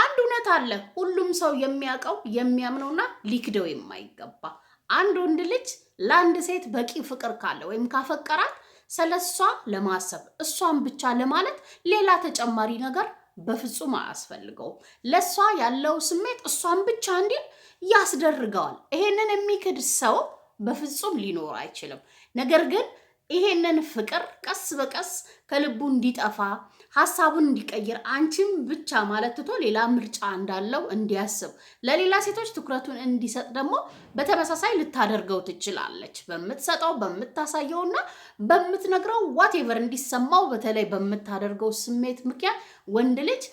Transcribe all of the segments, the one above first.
አንድ እውነት አለ ሁሉም ሰው የሚያውቀው የሚያምነውና ሊክደው የማይገባ አንድ ወንድ ልጅ ለአንድ ሴት በቂ ፍቅር ካለ ወይም ካፈቀራት ስለሷ ለማሰብ እሷን ብቻ ለማለት ሌላ ተጨማሪ ነገር በፍጹም አያስፈልገውም። ለእሷ ያለው ስሜት እሷን ብቻ እንዲል ያስደርገዋል። ይሄንን የሚክድ ሰው በፍጹም ሊኖር አይችልም። ነገር ግን ይሄንን ፍቅር ቀስ በቀስ ከልቡ እንዲጠፋ ሀሳቡን እንዲቀይር አንቺም ብቻ ማለት ትቶ ሌላ ምርጫ እንዳለው እንዲያስብ ለሌላ ሴቶች ትኩረቱን እንዲሰጥ ደግሞ በተመሳሳይ ልታደርገው ትችላለች። በምትሰጠው በምታሳየው እና በምትነግረው ዋቴቨር እንዲሰማው በተለይ በምታደርገው ስሜት ምክንያት ወንድ ልጅ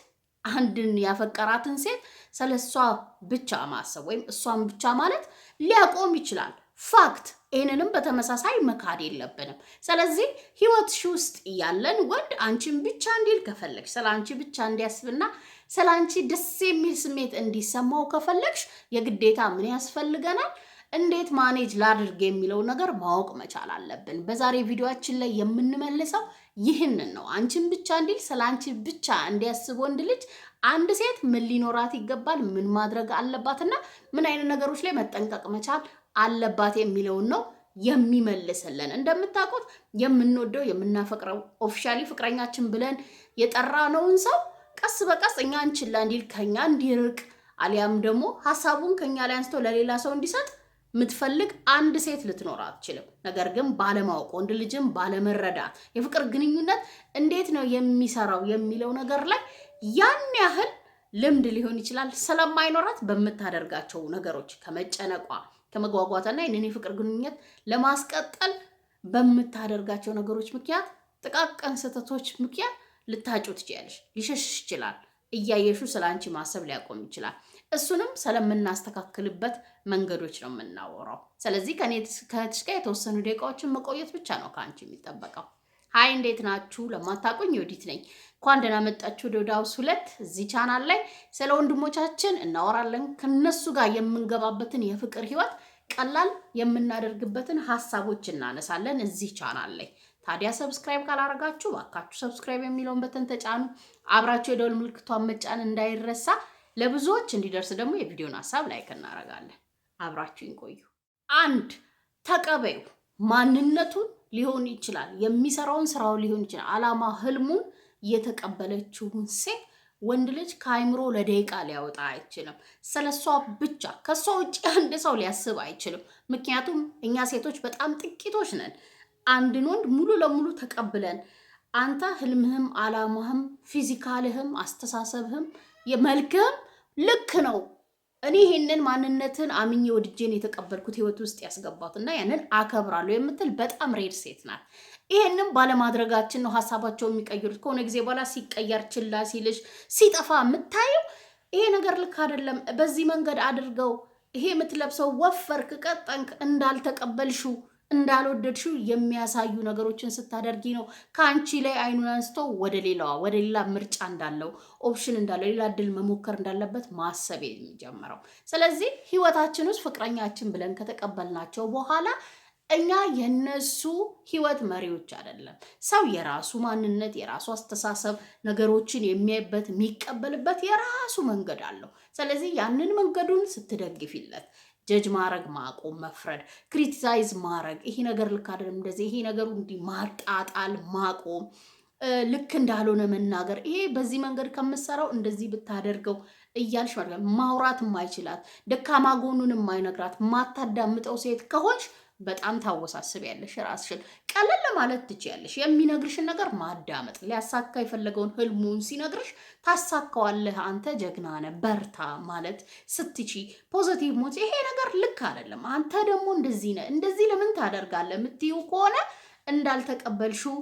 አንድን ያፈቀራትን ሴት ስለ እሷ ብቻ ማሰብ ወይም እሷን ብቻ ማለት ሊያቆም ይችላል ፋክት ይህንንም በተመሳሳይ መካድ የለብንም። ስለዚህ ህይወትሽ ውስጥ እያለን ወንድ አንቺን ብቻ እንዲል ከፈለግሽ ስለ አንቺ ብቻ እንዲያስብና ስለ አንቺ ደስ የሚል ስሜት እንዲሰማው ከፈለግሽ የግዴታ ምን ያስፈልገናል? እንዴት ማኔጅ ላድርግ የሚለው ነገር ማወቅ መቻል አለብን። በዛሬ ቪዲዮችን ላይ የምንመልሰው ይህንን ነው። አንቺን ብቻ እንዲል ስለ አንቺ ብቻ እንዲያስብ ወንድ ልጅ አንድ ሴት ምን ሊኖራት ይገባል፣ ምን ማድረግ አለባትና ምን አይነት ነገሮች ላይ መጠንቀቅ መቻል አለባት የሚለውን ነው የሚመልስልን። እንደምታውቁት የምንወደው የምናፈቅረው ኦፊሻሊ ፍቅረኛችን ብለን የጠራነውን ሰው ቀስ በቀስ እኛ እንችላ እንዲል ከኛ እንዲርቅ አሊያም ደግሞ ሀሳቡን ከኛ ላይ አንስቶ ለሌላ ሰው እንዲሰጥ የምትፈልግ አንድ ሴት ልትኖር አትችልም። ነገር ግን ባለማወቅ ወንድ ልጅም ባለመረዳት የፍቅር ግንኙነት እንዴት ነው የሚሰራው የሚለው ነገር ላይ ያን ያህል ልምድ ሊሆን ይችላል ስለማይኖራት በምታደርጋቸው ነገሮች ከመጨነቋ ከመጓጓትና ይህንን የፍቅር ግንኙነት ለማስቀጠል በምታደርጋቸው ነገሮች ምክንያት ጥቃቅን ስህተቶች ምክንያት ልታጩ ትችያለሽ። ሊሸሽሽ ይችላል። እያየሹ ስለ አንቺ ማሰብ ሊያቆም ይችላል። እሱንም ስለምናስተካክልበት መንገዶች ነው የምናወራው። ስለዚህ ከእህትሽ ጋር የተወሰኑ ደቂቃዎችን መቆየት ብቻ ነው ከአንቺ የሚጠበቀው። ሀይ እንዴት ናችሁ? ለማታቁኝ ዮዲት ነኝ። እንኳን ደህና መጣችሁ ዮድ ሃውስ ሁለት። እዚህ ቻናል ላይ ስለ ወንድሞቻችን እናወራለን። ከነሱ ጋር የምንገባበትን የፍቅር ህይወት ቀላል የምናደርግበትን ሀሳቦች እናነሳለን እዚህ ቻናል ላይ። ታዲያ ሰብስክራይብ ካላረጋችሁ ባካችሁ ሰብስክራይብ የሚለውን በተን ተጫኑ። አብራችሁ የደወል ምልክቷን መጫን እንዳይረሳ። ለብዙዎች እንዲደርስ ደግሞ የቪዲዮን ሀሳብ ላይክ እናረጋለን። አብራችሁ ይቆዩ። አንድ ተቀበዩ ማንነቱን ሊሆን ይችላል፣ የሚሰራውን ስራው ሊሆን ይችላል። አላማ ህልሙን የተቀበለችውን ሴት ወንድ ልጅ ከአይምሮ ለደቂቃ ሊያወጣ አይችልም። ስለሷ ብቻ ከሷ ውጭ አንድ ሰው ሊያስብ አይችልም። ምክንያቱም እኛ ሴቶች በጣም ጥቂቶች ነን። አንድን ወንድ ሙሉ ለሙሉ ተቀብለን አንተ ህልምህም፣ አላማህም፣ ፊዚካልህም፣ አስተሳሰብህም፣ መልክህም ልክ ነው እኔ ይሄንን ማንነትን አምኜ ወድጄን የተቀበልኩት ህይወት ውስጥ ያስገባት እና ያንን አከብራለሁ የምትል በጣም ሬድ ሴት ናት። ይሄንም ባለማድረጋችን ነው ሀሳባቸው የሚቀይሩት። ከሆነ ጊዜ በኋላ ሲቀየር ችላ ሲልሽ ሲጠፋ የምታየው ይሄ ነገር ልክ አይደለም፣ በዚህ መንገድ አድርገው፣ ይሄ የምትለብሰው ወፈርክ፣ ቀጠንክ እንዳልተቀበልሽው እንዳልወደድሽው የሚያሳዩ ነገሮችን ስታደርጊ ነው ከአንቺ ላይ አይኑን አንስቶ ወደ ሌላዋ ወደ ሌላ ምርጫ እንዳለው ኦፕሽን እንዳለው ሌላ እድል መሞከር እንዳለበት ማሰብ የሚጀምረው። ስለዚህ ህይወታችን ውስጥ ፍቅረኛችን ብለን ከተቀበልናቸው በኋላ እኛ የነሱ ህይወት መሪዎች አይደለም። ሰው የራሱ ማንነት፣ የራሱ አስተሳሰብ፣ ነገሮችን የሚያይበት የሚቀበልበት የራሱ መንገድ አለው። ስለዚህ ያንን መንገዱን ስትደግፊለት ጀጅ ማድረግ ማቆም፣ መፍረድ፣ ክሪቲሳይዝ ማድረግ ይሄ ነገር ልክ አይደለም እንደዚህ ይሄ ነገሩ እንዲህ ማጣጣል ማቆም ልክ እንዳልሆነ መናገር ይሄ በዚህ መንገድ ከምሰራው እንደዚህ ብታደርገው እያልሽ ማለት ማውራት የማይችላት ደካማ ጎኑን የማይነግራት ማታዳምጠው ሴት ከሆንሽ በጣም ታወሳስብ ያለሽ ራስሽን ቀለል ማለት ትችያለሽ። የሚነግርሽን ነገር ማዳመጥ፣ ሊያሳካ የፈለገውን ህልሙን ሲነግርሽ ታሳካዋለህ፣ አንተ ጀግና ነህ፣ በርታ ማለት ስትቺ፣ ፖዘቲቭ ሞ ይሄ ነገር ልክ አይደለም፣ አንተ ደግሞ እንደዚህ ነህ፣ እንደዚህ ለምን ታደርጋለህ የምትይው ከሆነ እንዳልተቀበልሽው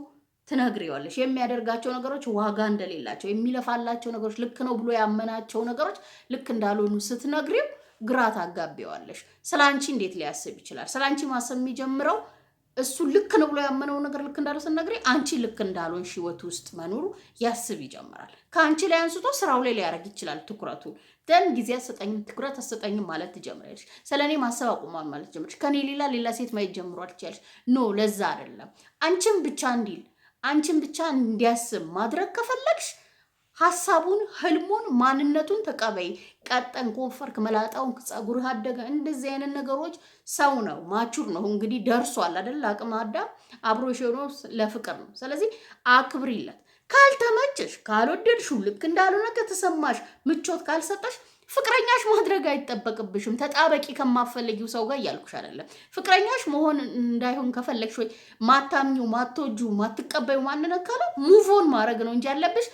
ትነግሪዋለሽ። የሚያደርጋቸው ነገሮች ዋጋ እንደሌላቸው፣ የሚለፋላቸው ነገሮች፣ ልክ ነው ብሎ ያመናቸው ነገሮች ልክ እንዳልሆኑ ስትነግሪው ግራ ታጋቢዋለሽ። ስለ አንቺ እንዴት ሊያስብ ይችላል? ስለ አንቺ ማሰብ የሚጀምረው እሱ ልክ ነው ብሎ ያመነው ነገር ልክ እንዳለ ስነግሬ አንቺ ልክ እንዳልሆንሽ ህይወት ውስጥ መኖሩ ያስብ ይጀምራል። ከአንቺ ላይ አንስቶ ስራው ላይ ሊያደርግ ይችላል ትኩረቱ ደን ጊዜ አሰጠኝም ትኩረት አሰጠኝም ማለት ትጀምሪያለሽ። ስለ እኔ ማሰብ አቁሟል ማለት ትጀምሪያለሽ። ከእኔ ሌላ ሌላ ሴት ማየት ጀምሯል ትችያለሽ። ኖ ለዛ አይደለም። አንቺን ብቻ እንዲል አንቺን ብቻ እንዲያስብ ማድረግ ከፈለግሽ ሀሳቡን፣ ህልሙን፣ ማንነቱን ተቀበይ። ቀጠን፣ ኮፈርክ፣ መላጣውን ጸጉር አደገ፣ እንደዚህ አይነት ነገሮች ሰው ነው፣ ማቹር ነው እንግዲህ ደርሷል አደል? አቅም አዳም አብሮ ሽኖ ለፍቅር ነው። ስለዚህ አክብሪለት። ካልተመቸሽ፣ ካልወደድሽው፣ ልክ እንዳልሆነ ከተሰማሽ፣ ምቾት ካልሰጠሽ ፍቅረኛሽ ማድረግ አይጠበቅብሽም። ተጣበቂ ከማፈለጊው ሰው ጋር እያልኩሽ አይደለም። ፍቅረኛሽ መሆን እንዳይሆን ከፈለግሽ ወይ ማታምኙ ማትወጂው፣ ማትቀበዩ ማንነት ካለ ሙቮን ማድረግ ነው እንጂ ያለብሽ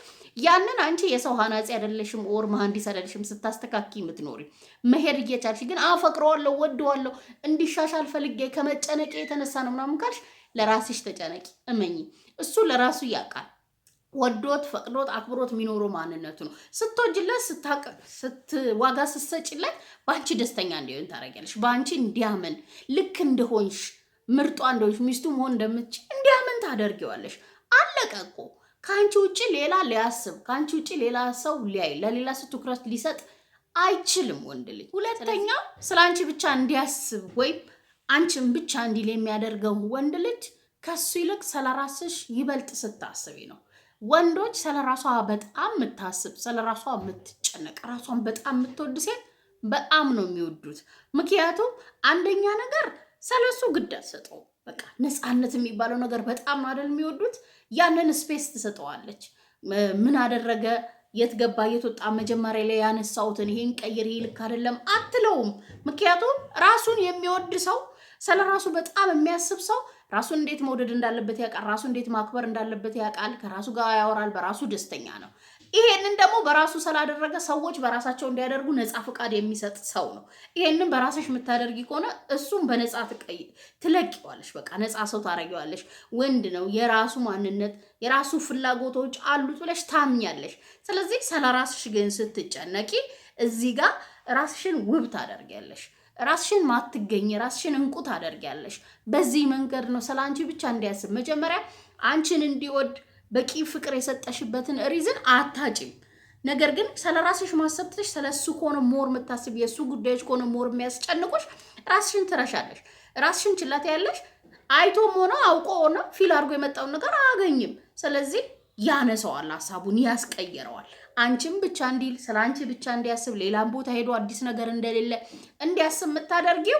ያንን አንቺ የሰው ሀናጺ አይደለሽም፣ ኦር መሀንዲስ አይደለሽም። ስታስተካኪ የምትኖሪ መሄድ እየቻልሽ ግን አፈቅረዋለሁ፣ ወደዋለሁ፣ እንዲሻሻል ፈልጌ ከመጨነቂ የተነሳ ነው ምናምን ካልሽ ለራስሽ ተጨነቂ። እመኚ፣ እሱ ለራሱ ያውቃል። ወዶት ፈቅዶት አክብሮት የሚኖሩ ማንነቱ ነው። ስትወጅለት ዋጋ ስትሰጭለት በአንቺ ደስተኛ እንዲሆን ታደርጊያለሽ። በአንቺ እንዲያምን ልክ እንደሆንሽ ምርጧ እንደሆንሽ ሚስቱ መሆን እንደምትችል እንዲያምን ታደርጊዋለሽ። አለቀ እኮ። ከአንቺ ውጭ ሌላ ሊያስብ ከአንቺ ውጭ ሌላ ሰው ሊያይ ለሌላ ሰው ትኩረት ሊሰጥ አይችልም ወንድ ልጅ። ሁለተኛ ስለ አንቺ ብቻ እንዲያስብ ወይም አንቺን ብቻ እንዲል የሚያደርገው ወንድ ልጅ ከሱ ይልቅ ስለ ራስሽ ይበልጥ ስታስቢ ነው። ወንዶች ስለ ራሷ በጣም የምታስብ ስለ ራሷ የምትጨነቅ ራሷን በጣም የምትወድ ሴት በጣም ነው የሚወዱት። ምክንያቱም አንደኛ ነገር ስለሱ ግድ አትሰጠው በቃ ነፃነት የሚባለው ነገር በጣም አይደል የሚወዱት። ያንን ስፔስ ትሰጠዋለች። ምን አደረገ፣ የት ገባ፣ የት ወጣ፣ መጀመሪያ ላይ ያነሳውትን ይሄን ቀይር፣ ይሄ ልክ አይደለም አትለውም። ምክንያቱም ራሱን የሚወድ ሰው ስለ ራሱ በጣም የሚያስብ ሰው ራሱን እንዴት መውደድ እንዳለበት ያውቃል። ራሱ እንዴት ማክበር እንዳለበት ያውቃል። ከራሱ ጋር ያወራል። በራሱ ደስተኛ ነው። ይሄንን ደግሞ በራሱ ስላደረገ ሰዎች በራሳቸው እንዲያደርጉ ነፃ ፍቃድ የሚሰጥ ሰው ነው። ይሄንን በራስሽ የምታደርጊ ከሆነ እሱም በነፃ ትቀይ ትለቂዋለሽ። በቃ ነፃ ሰው ታረጊዋለሽ። ወንድ ነው፣ የራሱ ማንነት፣ የራሱ ፍላጎቶች አሉት ብለሽ ታምኛለሽ። ስለዚህ ስለ ራስሽ ግን ስትጨነቂ እዚህ ጋር ራስሽን ውብ ታደርጊያለሽ። ራስሽን ማትገኝ ራስሽን እንቁ ታደርጊያለሽ። በዚህ መንገድ ነው ስለ አንቺ ብቻ እንዲያስብ መጀመሪያ አንቺን እንዲወድ በቂ ፍቅር የሰጠሽበትን ሪዝን አታጭም። ነገር ግን ስለ ራስሽ ማሰብ ትተሽ ስለ እሱ ከሆነ ሞር የምታስብ የእሱ ጉዳዮች ከሆነ ሞር የሚያስጨንቁሽ ራስሽን ትረሻለሽ፣ ራስሽን ችላት ያለሽ አይቶም ሆነ አውቆ ሆነ ፊል አድርጎ የመጣውን ነገር አያገኝም። ስለዚህ ያነሰዋል፣ ሀሳቡን ያስቀየረዋል። አንቺም ብቻ እንዲል ስለ አንቺ ብቻ እንዲያስብ ሌላም ቦታ ሄዶ አዲስ ነገር እንደሌለ እንዲያስብ የምታደርጊው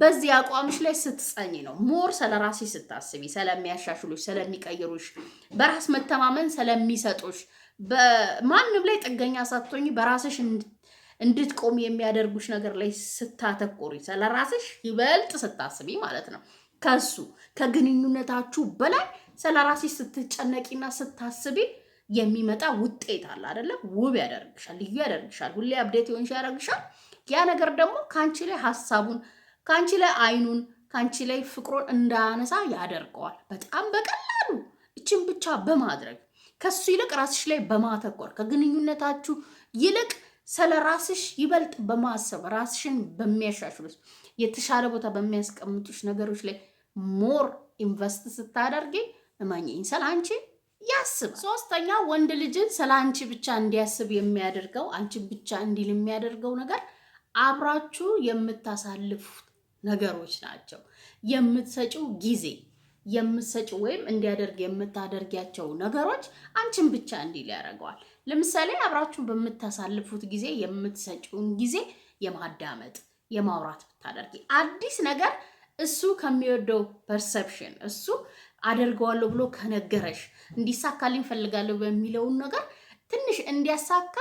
በዚህ አቋምሽ ላይ ስትጸኝ ነው። ሞር ስለራስሽ ስታስቢ፣ ስለሚያሻሽሉሽ፣ ስለሚቀይሩሽ፣ በራስ መተማመን ስለሚሰጡሽ፣ ማንም ላይ ጥገኛ ሳትሆኝ በራስሽ እንድትቆም የሚያደርጉሽ ነገር ላይ ስታተኮሪ፣ ስለራስሽ ይበልጥ ስታስቢ ማለት ነው። ከሱ ከግንኙነታችሁ በላይ ስለራስሽ ስትጨነቂና ስታስቢ የሚመጣ ውጤት አለ አይደለም? ውብ ያደርግሻል፣ ልዩ ያደርግሻል፣ ሁሌ አብዴት የሆንሽ ያደርግሻል። ያ ነገር ደግሞ ከአንቺ ላይ ሀሳቡን ከአንቺ ላይ አይኑን ከአንቺ ላይ ፍቅሩን እንዳያነሳ ያደርገዋል። በጣም በቀላሉ እችን ብቻ በማድረግ ከሱ ይልቅ ራስሽ ላይ በማተኮር ከግንኙነታችሁ ይልቅ ስለ ራስሽ ይበልጥ በማሰብ ራስሽን በሚያሻሽሉት የተሻለ ቦታ በሚያስቀምጡሽ ነገሮች ላይ ሞር ኢንቨስት ስታደርጊ እመኝኝ ስለ አንቺ ያስብ። ሶስተኛ ወንድ ልጅን ስለ አንቺ ብቻ እንዲያስብ የሚያደርገው አንቺን ብቻ እንዲል የሚያደርገው ነገር አብራችሁ የምታሳልፉት ነገሮች ናቸው። የምትሰጪው ጊዜ የምትሰጪው ወይም እንዲያደርግ የምታደርጊያቸው ነገሮች አንቺን ብቻ እንዲል ያደርገዋል። ለምሳሌ አብራችሁን በምታሳልፉት ጊዜ የምትሰጪውን ጊዜ የማዳመጥ የማውራት ብታደርጊ አዲስ ነገር እሱ ከሚወደው ፐርሰፕሽን እሱ አደርገዋለሁ ብሎ ከነገረሽ እንዲሳካልኝ ፈልጋለሁ በሚለውን ነገር ትንሽ እንዲያሳካ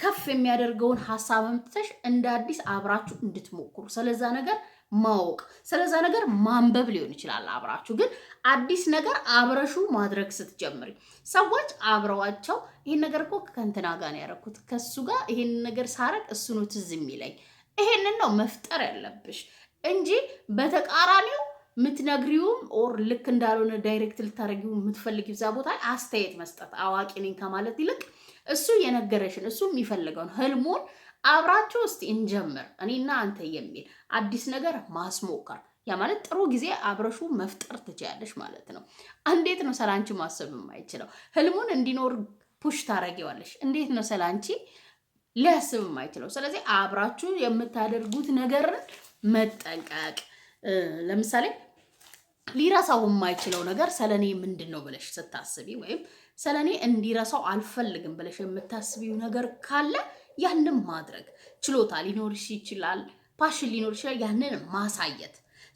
ከፍ የሚያደርገውን ሀሳብ አምጥተሽ እንደ አዲስ አብራችሁ እንድትሞክሩ ስለዛ ነገር ማወቅ ስለዛ ነገር ማንበብ ሊሆን ይችላል። አብራችሁ ግን አዲስ ነገር አብረሹ ማድረግ ስትጀምሪ ሰዎች አብረዋቸው ይሄን ነገር እኮ ከእንትና ጋር ነው ያደረኩት፣ ከሱ ጋር ይሄን ነገር ሳረግ እሱ ነው ትዝ የሚለኝ። ይሄንን ነው መፍጠር ያለብሽ እንጂ በተቃራኒው ምትነግሪውም ኦር ልክ እንዳልሆነ ዳይሬክት ልታደረጊው የምትፈልጊው እዛ ቦታ አስተያየት መስጠት አዋቂ ነኝ ከማለት ይልቅ እሱ የነገረሽን እሱ የሚፈልገውን ህልሙን አብራችሁ እስቲ እንጀምር፣ እኔና አንተ የሚል አዲስ ነገር ማስሞከር ያ ማለት ጥሩ ጊዜ አብረሹ መፍጠር ትችያለሽ ማለት ነው። እንዴት ነው ስላንቺ ማሰብ የማይችለው ህልሙን እንዲኖር ፑሽ ታረጊዋለሽ? እንዴት ነው ስላንቺ ሊያስብ የማይችለው? ስለዚህ አብራችሁ የምታደርጉት ነገርን መጠንቀቅ ለምሳሌ ሊረሳው የማይችለው ነገር ስለኔ ምንድን ነው ብለሽ ስታስቢ ወይም ስለ እኔ እንዲረሳው አልፈልግም ብለሽ የምታስቢው ነገር ካለ ያንን ማድረግ ችሎታ ሊኖርሽ ይችላል፣ ፓሽን ሊኖር ይችላል። ያንን ማሳየት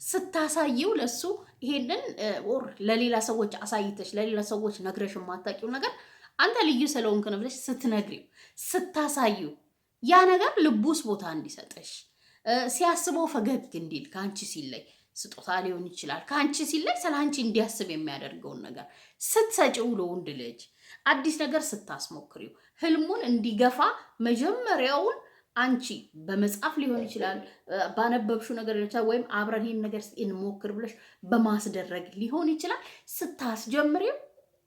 ስታሳየው ለሱ ይሄንን ር ለሌላ ሰዎች አሳይተሽ ለሌላ ሰዎች ነግረሽ የማታውቂው ነገር አንተ ልዩ ስለሆንክ ነው ብለሽ ስትነግሪው ስታሳየው ያ ነገር ልቡስ ቦታ እንዲሰጥሽ ሲያስበው ፈገግ እንዲል ከአንቺ ሲለይ ስጦታ ሊሆን ይችላል። ከአንቺ ሲለይ ስለ አንቺ እንዲያስብ የሚያደርገውን ነገር ስትሰጪው ለወንድ ልጅ አዲስ ነገር ስታስሞክሪው ህልሙን እንዲገፋ መጀመሪያውን አንቺ በመጽሐፍ ሊሆን ይችላል፣ ባነበብሹ ነገር ሊሆን ወይም አብረን ይህን ነገር እንሞክር ብለሽ በማስደረግ ሊሆን ይችላል። ስታስጀምሪው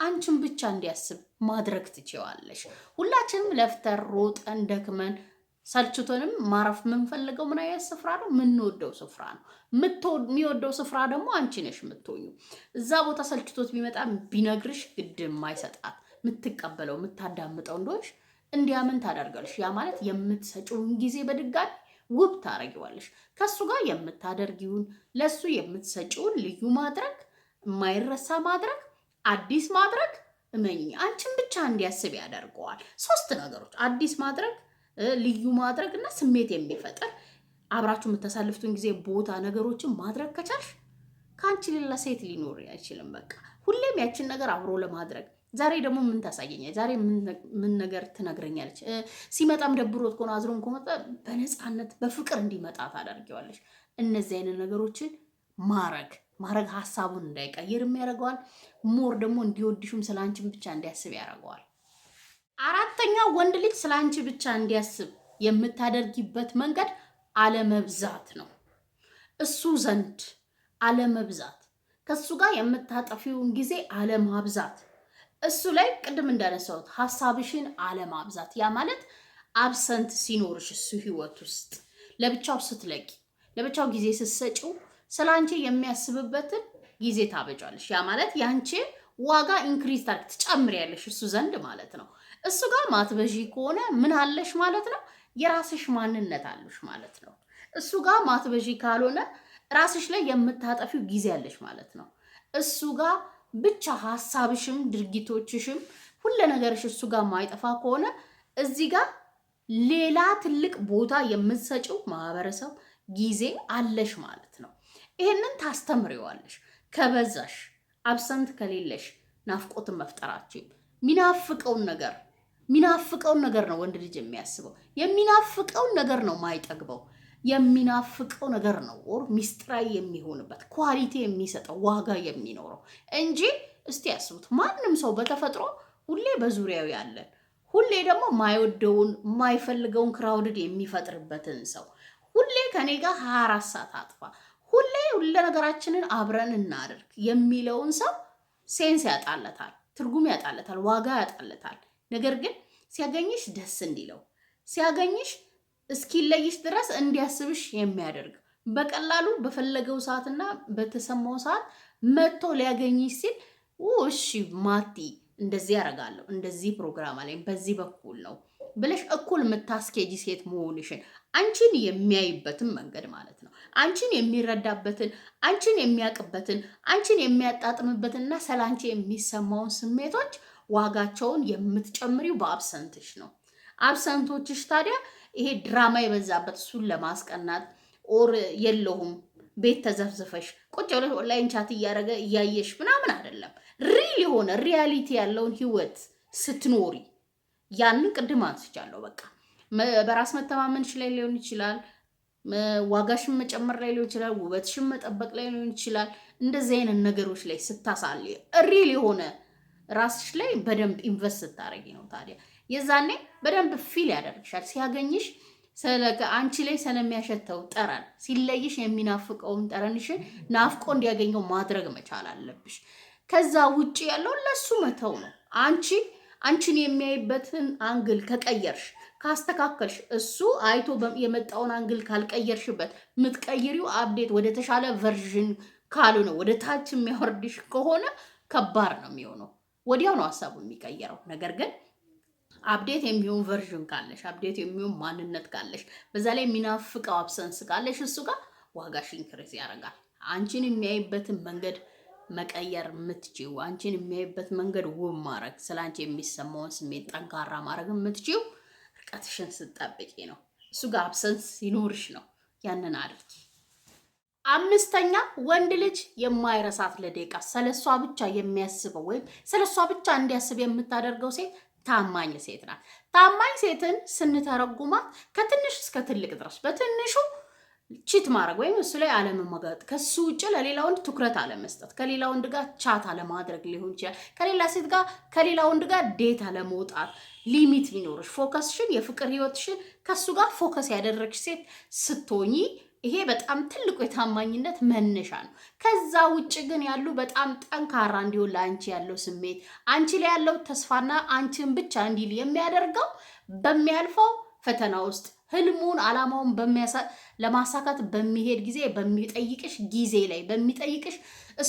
አንቺን ብቻ እንዲያስብ ማድረግ ትችዋለሽ። ሁላችንም ለፍተን ሮጠን ደክመን ሰልችቶንም ማረፍ የምንፈልገው ምን አይነት ስፍራ ነው? የምንወደው ስፍራ ነው። የሚወደው ስፍራ ደግሞ አንቺ ነሽ የምትሆኙ። እዛ ቦታ ሰልችቶት ቢመጣ ቢነግርሽ ግድ የማይሰጣት የምትቀበለው የምታዳምጠው እንደሆንሽ እንዲያምን ታደርጋለሽ። ያ ማለት የምትሰጪውን ጊዜ በድጋሚ ውብ ታደርጊዋለሽ። ከእሱ ጋር የምታደርጊውን ለእሱ የምትሰጪውን ልዩ ማድረግ፣ የማይረሳ ማድረግ፣ አዲስ ማድረግ እመኝ አንቺን ብቻ እንዲያስብ ያደርገዋል። ሶስት ነገሮች አዲስ ማድረግ ልዩ ማድረግ እና ስሜት የሚፈጥር አብራችሁ የምታሳልፍቱን ጊዜ ቦታ ነገሮችን ማድረግ ከቻልሽ ከአንቺ ሌላ ሴት ሊኖር አይችልም። በቃ ሁሌም ያችን ነገር አብሮ ለማድረግ ዛሬ ደግሞ ምን ታሳየኛል፣ ዛሬ ምን ነገር ትነግረኛለች። ሲመጣም ደብሮት ከሆነ አዝሮም ከሆነ በነፃነት በፍቅር እንዲመጣ ታደርጊዋለች እነዚህ አይነት ነገሮችን ማረግ ማረግ ሀሳቡን እንዳይቀይርም ያደርገዋል። ሞር ደግሞ እንዲወድሹም ስለ አንቺም ብቻ እንዲያስብ ያደርገዋል። አራተኛ ወንድ ልጅ ስለ አንቺ ብቻ እንዲያስብ የምታደርጊበት መንገድ አለመብዛት ነው። እሱ ዘንድ አለመብዛት፣ ከሱ ጋር የምታጠፊውን ጊዜ አለማብዛት፣ እሱ ላይ ቅድም እንዳነሳሁት ሀሳብሽን አለማብዛት። ያ ማለት አብሰንት ሲኖርሽ እሱ ህይወት ውስጥ ለብቻው ስትለቂ፣ ለብቻው ጊዜ ስትሰጪው ስለ አንቺ የሚያስብበትን ጊዜ ታበጫለሽ። ያ ማለት ያንቺ ዋጋ ኢንክሪዝ ታርግ ትጨምሪያለሽ እሱ ዘንድ ማለት ነው። እሱ ጋር ማትበዢ ከሆነ ምን አለሽ ማለት ነው? የራስሽ ማንነት አለሽ ማለት ነው። እሱ ጋር ማትበዢ ካልሆነ ራስሽ ላይ የምታጠፊው ጊዜ አለሽ ማለት ነው። እሱ ጋር ብቻ ሀሳብሽም ድርጊቶችሽም ሁለ ነገርሽ እሱ ጋር ማይጠፋ ከሆነ እዚህ ጋር ሌላ ትልቅ ቦታ የምትሰጭው ማህበረሰብ ጊዜ አለሽ ማለት ነው። ይሄንን ታስተምሪዋለሽ። ከበዛሽ አብሰንት ከሌለሽ ናፍቆትን መፍጠራችን ሚናፍቀውን ነገር የሚናፍቀውን ነገር ነው ወንድ ልጅ የሚያስበው። የሚናፍቀውን ነገር ነው ማይጠግበው። የሚናፍቀው ነገር ነው ኦር ሚስጥራዊ የሚሆንበት ኳሊቲ የሚሰጠው ዋጋ የሚኖረው እንጂ እስቲ ያስቡት። ማንም ሰው በተፈጥሮ ሁሌ በዙሪያው ያለን ሁሌ ደግሞ ማይወደውን ማይፈልገውን ክራውድድ የሚፈጥርበትን ሰው ሁሌ ከኔ ጋር ሀያ አራት ሰዓት አጥፋ ሁሌ ሁለ ነገራችንን አብረን እናድርግ የሚለውን ሰው ሴንስ ያጣለታል፣ ትርጉም ያጣለታል፣ ዋጋ ያጣለታል። ነገር ግን ሲያገኝሽ ደስ እንዲለው ሲያገኝሽ እስኪለይሽ ድረስ እንዲያስብሽ የሚያደርግ በቀላሉ በፈለገው ሰዓትና በተሰማው ሰዓት መጥቶ ሊያገኝሽ ሲል እሺ ማቲ እንደዚህ ያደርጋለሁ እንደዚህ ፕሮግራም አለኝ በዚህ በኩል ነው ብለሽ እኩል የምታስኬጂ ሴት መሆንሽን አንቺን የሚያይበትን መንገድ ማለት ነው። አንቺን የሚረዳበትን፣ አንቺን የሚያቅበትን፣ አንቺን የሚያጣጥምበትንና ሰላንቺ የሚሰማውን ስሜቶች ዋጋቸውን የምትጨምሪው በአብሰንትሽ ነው። አብሰንቶችሽ ታዲያ ይሄ ድራማ የበዛበት እሱን ለማስቀናት ኦር የለሁም ቤት ተዘፍዝፈሽ ቁጭ ብለሽ ኦንላይን ቻት እያደረገ እያየሽ ምናምን አይደለም። ሪል የሆነ ሪያሊቲ ያለውን ህይወት ስትኖሪ ያንን ቅድም አንስቻለሁ። በቃ በራስ መተማመንሽ ላይ ሊሆን ይችላል፣ ዋጋሽን መጨመር ላይ ሊሆን ይችላል፣ ውበትሽን መጠበቅ ላይ ሊሆን ይችላል። እንደዚህ አይነት ነገሮች ላይ ስታሳል ሪል የሆነ ራስሽ ላይ በደንብ ኢንቨስት ስታደርጊ ነው። ታዲያ የዛኔ በደንብ ፊል ያደርግሻል ሲያገኝሽ አንቺ ላይ ስለሚያሸተው ጠረን ሲለይሽ የሚናፍቀውን ጠረንሽን ናፍቆ እንዲያገኘው ማድረግ መቻል አለብሽ። ከዛ ውጭ ያለውን ለሱ መተው ነው። አንቺ አንቺን የሚያይበትን አንግል ከቀየርሽ ካስተካከልሽ፣ እሱ አይቶ የመጣውን አንግል ካልቀየርሽበት የምትቀይሪው አብዴት ወደ ተሻለ ቨርዥን ካልሆነ ወደ ታች የሚያወርድሽ ከሆነ ከባድ ነው የሚሆነው። ወዲያው ነው ሀሳቡ የሚቀየረው። ነገር ግን አብዴት የሚሆን ቨርዥን ካለሽ፣ አብዴት የሚሆን ማንነት ካለሽ፣ በዛ ላይ የሚናፍቀው አብሰንስ ካለሽ እሱ ጋር ዋጋሽ ኢንክሬዝ ያደርጋል። አንቺን የሚያይበትን መንገድ መቀየር የምትችው አንቺን የሚያይበት መንገድ ውብ ማድረግ፣ ስለ አንቺ የሚሰማውን ስሜት ጠንካራ ማድረግ የምትችው ርቀትሽን ስጠብቂ ነው። እሱ ጋር አብሰንስ ሲኖርሽ ነው። ያንን አድርጊ። አምስተኛ ወንድ ልጅ የማይረሳት ለደቂቃ ስለሷ ብቻ የሚያስበው ወይም ስለሷ ብቻ እንዲያስብ የምታደርገው ሴት ታማኝ ሴት ናት። ታማኝ ሴትን ስንተረጉማት ከትንሽ እስከ ትልቅ ድረስ በትንሹ ቺት ማድረግ ወይም እሱ ላይ አለመመጋጥ፣ ከሱ ውጭ ለሌላ ወንድ ትኩረት አለመስጠት፣ ከሌላ ወንድ ጋር ቻት አለማድረግ ሊሆን ይችላል። ከሌላ ሴት ጋር ከሌላ ወንድ ጋር ዴት አለመውጣት፣ ሊሚት ቢኖርሽ ፎከስሽን፣ የፍቅር ህይወትሽን ከሱ ጋር ፎከስ ያደረግሽ ሴት ስትሆኚ ይሄ በጣም ትልቁ የታማኝነት መነሻ ነው። ከዛ ውጭ ግን ያሉ በጣም ጠንካራ እንዲሆን ለአንቺ ያለው ስሜት አንቺ ላይ ያለው ተስፋና አንቺን ብቻ እንዲል የሚያደርገው በሚያልፈው ፈተና ውስጥ ህልሙን አላማውን ለማሳካት በሚሄድ ጊዜ በሚጠይቅሽ ጊዜ ላይ በሚጠይቅሽ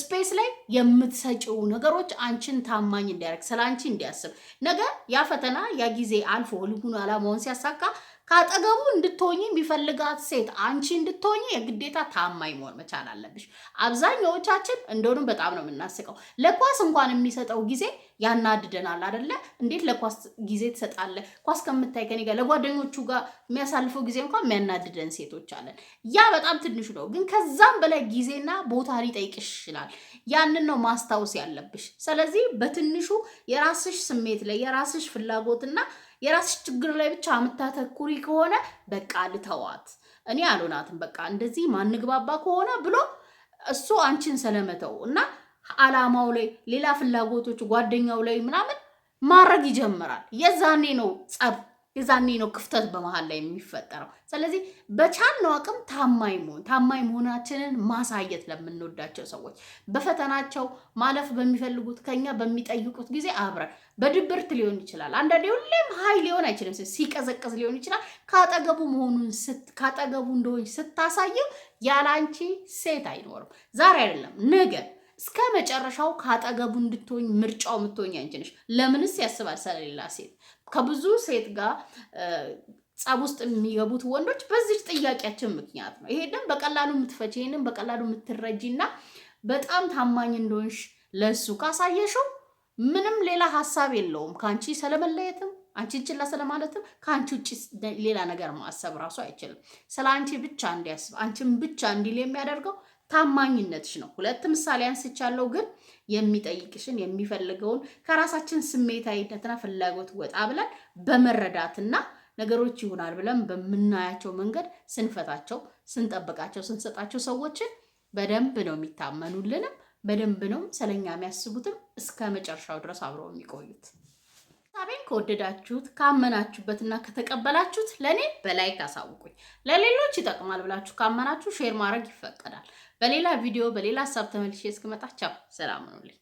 ስፔስ ላይ የምትሰጪው ነገሮች አንቺን ታማኝ እንዲያደርግ ስለ አንቺ እንዲያስብ ነገ ያ ፈተና ያ ጊዜ አልፎ ህልሙን አላማውን ሲያሳካ ከአጠገቡ እንድትሆኝ የሚፈልጋት ሴት አንቺ እንድትሆኝ የግዴታ ታማኝ መሆን መቻል አለብሽ። አብዛኛዎቻችን እንደሆኑም በጣም ነው የምናስቀው። ለኳስ እንኳን የሚሰጠው ጊዜ ያናድደናል አደለ? እንዴት ለኳስ ጊዜ ትሰጣለ ኳስ ከምታይ ከኔ ጋር ለጓደኞቹ ጋር የሚያሳልፈው ጊዜ እንኳን የሚያናድደን ሴቶች አለን። ያ በጣም ትንሹ ነው፣ ግን ከዛም በላይ ጊዜና ቦታ ሊጠይቅሽ ይችላል። ያንን ነው ማስታወስ ያለብሽ። ስለዚህ በትንሹ የራስሽ ስሜት ላይ የራስሽ ፍላጎትና የራስሽ ችግር ላይ ብቻ የምታተኩሪ ከሆነ በቃ ልተዋት እኔ አልሆናትም በቃ እንደዚህ ማንግባባ ከሆነ ብሎ እሱ አንቺን ስለመተው እና አላማው ላይ ሌላ ፍላጎቶች ጓደኛው ላይ ምናምን ማድረግ ይጀምራል። የዛኔ ነው ጸብ፣ የዛኔ ነው ክፍተት በመሀል ላይ የሚፈጠረው። ስለዚህ በቻልነው አቅም ታማኝ መሆን ታማኝ መሆናችንን ማሳየት ለምንወዳቸው ሰዎች በፈተናቸው ማለፍ በሚፈልጉት ከኛ በሚጠይቁት ጊዜ አብረን በድብርት ሊሆን ይችላል። አንዳንዴ ሁሌም ሀይ ሊሆን አይችልም። ሲቀዘቀዝ ሊሆን ይችላል። ካጠገቡ መሆኑን ካጠገቡ እንደሆን ስታሳየው ያላንቺ ሴት አይኖርም። ዛሬ አይደለም ነገር። እስከ መጨረሻው ከአጠገቡ እንድትሆኝ ምርጫው የምትሆኝ አንቺ ነሽ። ለምንስ ያስባል ስለሌላ ሴት? ከብዙ ሴት ጋር ጸብ ውስጥ የሚገቡት ወንዶች በዚች ጥያቄያችን ምክንያት ነው። ይሄንን በቀላሉ የምትፈች ይሄንን በቀላሉ የምትረጂ እና በጣም ታማኝ እንደሆንሽ ለእሱ ካሳየሽው ምንም ሌላ ሀሳብ የለውም ከአንቺ ስለመለየትም አንቺን ችላ ስለማለትም ከአንቺ ውጭ ሌላ ነገር ማሰብ ራሱ አይችልም። ስለ አንቺ ብቻ እንዲያስብ አንቺን ብቻ እንዲል የሚያደርገው ታማኝነትሽ ነው። ሁለት ምሳሌ አንስቻለሁ፣ ግን የሚጠይቅሽን የሚፈልገውን ከራሳችን ስሜታዊነትና ፍላጎት ወጣ ብለን በመረዳትና ነገሮች ይሆናል ብለን በምናያቸው መንገድ ስንፈታቸው፣ ስንጠብቃቸው፣ ስንሰጣቸው ሰዎችን በደንብ ነው የሚታመኑልንም በደንብ ነው ስለኛ የሚያስቡትም እስከ መጨረሻው ድረስ አብረው የሚቆዩት። ሀሳቤን ከወደዳችሁት ካመናችሁበትና ከተቀበላችሁት ለእኔ በላይክ አሳውቁኝ። ለሌሎች ይጠቅማል ብላችሁ ካመናችሁ ሼር ማድረግ ይፈቀዳል። በሌላ ቪዲዮ በሌላ ሀሳብ ተመልሼ እስክመጣ ቻው፣ ሰላም ሁኑልኝ።